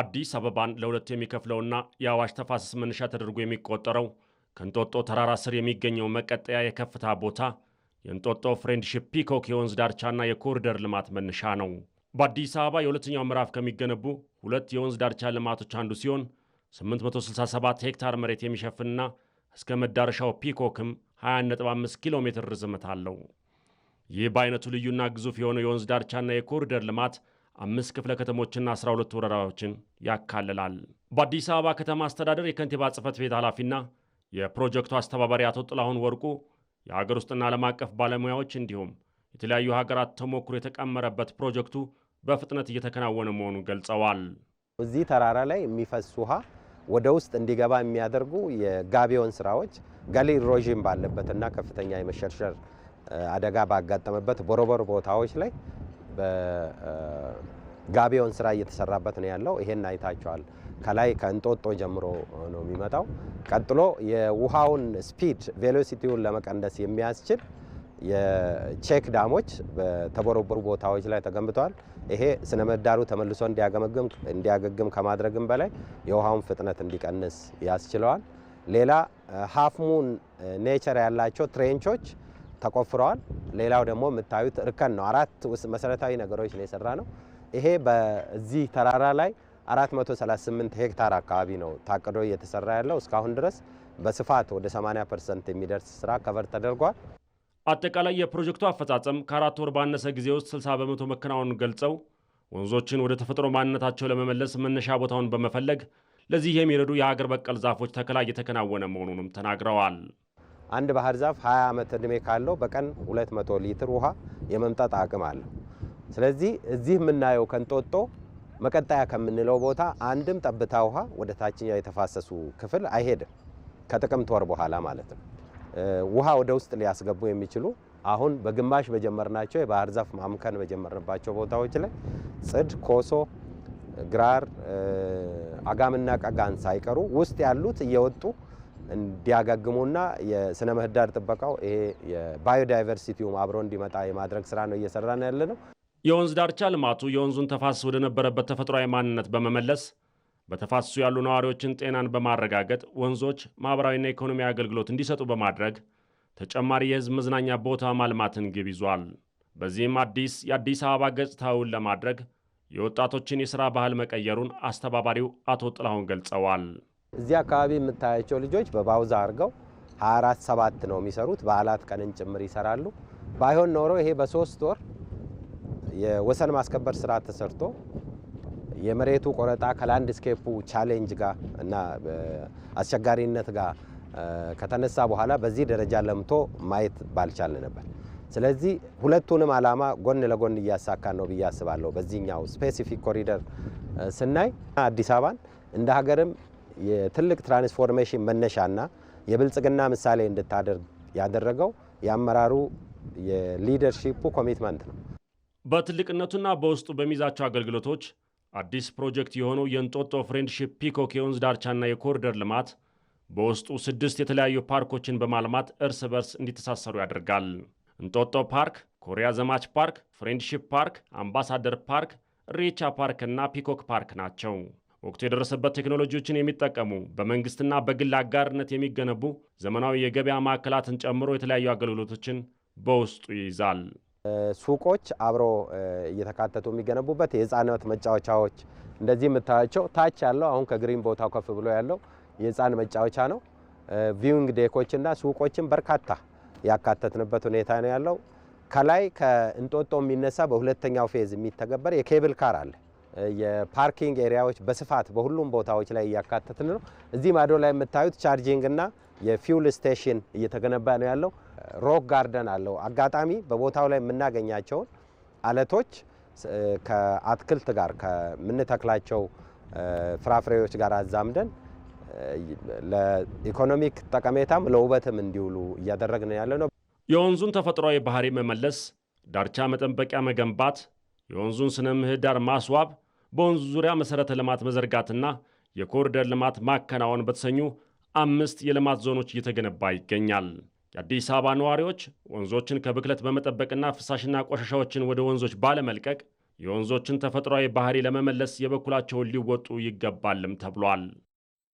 አዲስ አበባን ለሁለት የሚከፍለውና የአዋሽ ተፋሰስ መነሻ ተደርጎ የሚቆጠረው ከእንጦጦ ተራራ ስር የሚገኘው መቀጠያ የከፍታ ቦታ የእንጦጦ ፍሬንድሺፕ ፒኮክ የወንዝ ዳርቻና የኮሪደር ልማት መነሻ ነው። በአዲስ አበባ የሁለተኛው ምዕራፍ ከሚገነቡ ሁለት የወንዝ ዳርቻ ልማቶች አንዱ ሲሆን 867 ሄክታር መሬት የሚሸፍንና እስከ መዳረሻው ፒኮክም 25 ኪሎ ሜትር ርዝመት አለው። ይህ በአይነቱ ልዩና ግዙፍ የሆነው የወንዝ ዳርቻና የኮሪደር ልማት አምስት ክፍለ ከተሞችና 12 ወረዳዎችን ያካልላል። በአዲስ አበባ ከተማ አስተዳደር የከንቲባ ጽህፈት ቤት ኃላፊና የፕሮጀክቱ አስተባባሪ አቶ ጥላሁን ወርቁ የሀገር ውስጥና ዓለም አቀፍ ባለሙያዎች እንዲሁም የተለያዩ ሀገራት ተሞክሮ የተቀመረበት ፕሮጀክቱ በፍጥነት እየተከናወነ መሆኑን ገልጸዋል። እዚህ ተራራ ላይ የሚፈስ ውሃ ወደ ውስጥ እንዲገባ የሚያደርጉ የጋቢዮን ስራዎች ጋሊ ሮዥን ባለበትና ከፍተኛ የመሸርሸር አደጋ ባጋጠመበት ቦሮቦር ቦታዎች ላይ በጋቢዮን ስራ እየተሰራበት ነው ያለው። ይሄን አይታቸዋል። ከላይ ከእንጦጦ ጀምሮ ነው የሚመጣው። ቀጥሎ የውሃውን ስፒድ ቬሎሲቲውን ለመቀነስ የሚያስችል የቼክ ዳሞች በተቦረቦሩ ቦታዎች ላይ ተገንብተዋል። ይሄ ስነ ምህዳሩ ተመልሶ እንዲያገግም ከማድረግም በላይ የውሃውን ፍጥነት እንዲቀንስ ያስችለዋል። ሌላ ሀፍሙን ኔቸር ያላቸው ትሬንቾች ተቆፍረዋል። ሌላው ደግሞ የምታዩት እርከን ነው። አራት ውስጥ መሰረታዊ ነገሮች ላይ የሰራ ነው። ይሄ በዚህ ተራራ ላይ 438 ሄክታር አካባቢ ነው ታቅዶ እየተሰራ ያለው። እስካሁን ድረስ በስፋት ወደ 80 ፐርሰንት የሚደርስ ስራ ከቨር ተደርጓል። አጠቃላይ የፕሮጀክቱ አፈጻጸም ከአራት ወር ባነሰ ጊዜ ውስጥ 60 በመቶ መከናወኑን ገልጸው ወንዞችን ወደ ተፈጥሮ ማንነታቸው ለመመለስ መነሻ ቦታውን በመፈለግ ለዚህ የሚረዱ የሀገር በቀል ዛፎች ተከላ እየተከናወነ መሆኑንም ተናግረዋል። አንድ ባህር ዛፍ 20 ዓመት እድሜ ካለው በቀን 200 ሊትር ውሃ የመምጠጥ አቅም አለው። ስለዚህ እዚህ የምናየው ከንጦጦ መቀጠያ ከምንለው ቦታ አንድም ጠብታ ውሃ ወደ ታችኛው የተፋሰሱ ክፍል አይሄድም። ከጥቅምት ወር በኋላ ማለት ነው። ውሃ ወደ ውስጥ ሊያስገቡ የሚችሉ አሁን በግማሽ በጀመርናቸው የባህር ዛፍ ማምከን በጀመርንባቸው ቦታዎች ላይ ጽድ፣ ኮሶ፣ ግራር፣ አጋምና ቀጋን ሳይቀሩ ውስጥ ያሉት እየወጡ እንዲያጋግሙና የስነ ምህዳር ጥበቃው ይሄ የባዮዳይቨርሲቲውም አብሮ እንዲመጣ የማድረግ ስራ ነው እየሰራ ነው ያለ ነው። የወንዝ ዳርቻ ልማቱ የወንዙን ተፋሰስ ወደነበረበት ተፈጥሯዊ ማንነት በመመለስ በተፋሰሱ ያሉ ነዋሪዎችን ጤናን በማረጋገጥ ወንዞች ማኅበራዊና ኢኮኖሚ አገልግሎት እንዲሰጡ በማድረግ ተጨማሪ የህዝብ መዝናኛ ቦታ ማልማትን ግብ ይዟል። በዚህም አዲስ የአዲስ አበባ ገጽታውን ለማድረግ የወጣቶችን የሥራ ባህል መቀየሩን አስተባባሪው አቶ ጥላሁን ገልጸዋል። እዚህ አካባቢ የምታያቸው ልጆች በባውዛ አድርገው 24 ሰባት ነው የሚሰሩት። በዓላት ቀንን ጭምር ይሰራሉ። ባይሆን ኖሮ ይሄ በሶስት ወር የወሰን ማስከበር ስራ ተሰርቶ የመሬቱ ቆረጣ ከላንድ ስኬፑ ቻሌንጅ ጋር እና አስቸጋሪነት ጋር ከተነሳ በኋላ በዚህ ደረጃ ለምቶ ማየት ባልቻል ነበር። ስለዚህ ሁለቱንም ዓላማ ጎን ለጎን እያሳካን ነው ብዬ አስባለሁ። በዚህኛው ስፔሲፊክ ኮሪደር ስናይ አዲስ አበባን እንደ ሀገርም የትልቅ ትራንስፎርሜሽን መነሻና የብልጽግና ምሳሌ እንድታደርግ ያደረገው የአመራሩ የሊደርሺፑ ኮሚትመንት ነው። በትልቅነቱና በውስጡ በሚዛቸው አገልግሎቶች አዲስ ፕሮጀክት የሆነው የእንጦጦ ፍሬንድሺፕ ፒኮክ የወንዝ ዳርቻና የኮሪደር ልማት በውስጡ ስድስት የተለያዩ ፓርኮችን በማልማት እርስ በርስ እንዲተሳሰሩ ያደርጋል። እንጦጦ ፓርክ፣ ኮሪያ ዘማች ፓርክ፣ ፍሬንድሺፕ ፓርክ፣ አምባሳደር ፓርክ፣ እሬቻ ፓርክ እና ፒኮክ ፓርክ ናቸው። ወቅቱ የደረሰበት ቴክኖሎጂዎችን የሚጠቀሙ በመንግስትና በግል አጋርነት የሚገነቡ ዘመናዊ የገበያ ማዕከላትን ጨምሮ የተለያዩ አገልግሎቶችን በውስጡ ይይዛል። ሱቆች አብሮ እየተካተቱ የሚገነቡበት የህፃናት መጫወቻዎች እንደዚህ የምታያቸው ታች ያለው አሁን ከግሪን ቦታው ከፍ ብሎ ያለው የህፃን መጫወቻ ነው። ቪዊንግ ዴኮችና ሱቆችን በርካታ ያካተትንበት ሁኔታ ነው ያለው። ከላይ ከእንጦጦ የሚነሳ በሁለተኛው ፌዝ የሚተገበር የኬብል ካር አለ። የፓርኪንግ ኤሪያዎች በስፋት በሁሉም ቦታዎች ላይ እያካተትን ነው። እዚህ ማዶ ላይ የምታዩት ቻርጂንግ እና የፊውል ስቴሽን እየተገነባ ነው ያለው። ሮክ ጋርደን አለው። አጋጣሚ በቦታው ላይ የምናገኛቸውን አለቶች ከአትክልት ጋር ከምንተክላቸው ፍራፍሬዎች ጋር አዛምደን ለኢኮኖሚክ ጠቀሜታም ለውበትም እንዲውሉ ነው ያለ ነው። የወንዙን ተፈጥሯዊ ባህሪ መመለስ፣ ዳርቻ መጠበቂያ መገንባት፣ የወንዙን ስነ ምህዳር ማስዋብ በወንዙ ዙሪያ መሠረተ ልማት መዘርጋትና የኮሪደር ልማት ማከናወን በተሰኙ አምስት የልማት ዞኖች እየተገነባ ይገኛል። የአዲስ አበባ ነዋሪዎች ወንዞችን ከብክለት በመጠበቅና ፍሳሽና ቆሻሻዎችን ወደ ወንዞች ባለመልቀቅ የወንዞችን ተፈጥሯዊ ባህሪ ለመመለስ የበኩላቸውን ሊወጡ ይገባልም ተብሏል።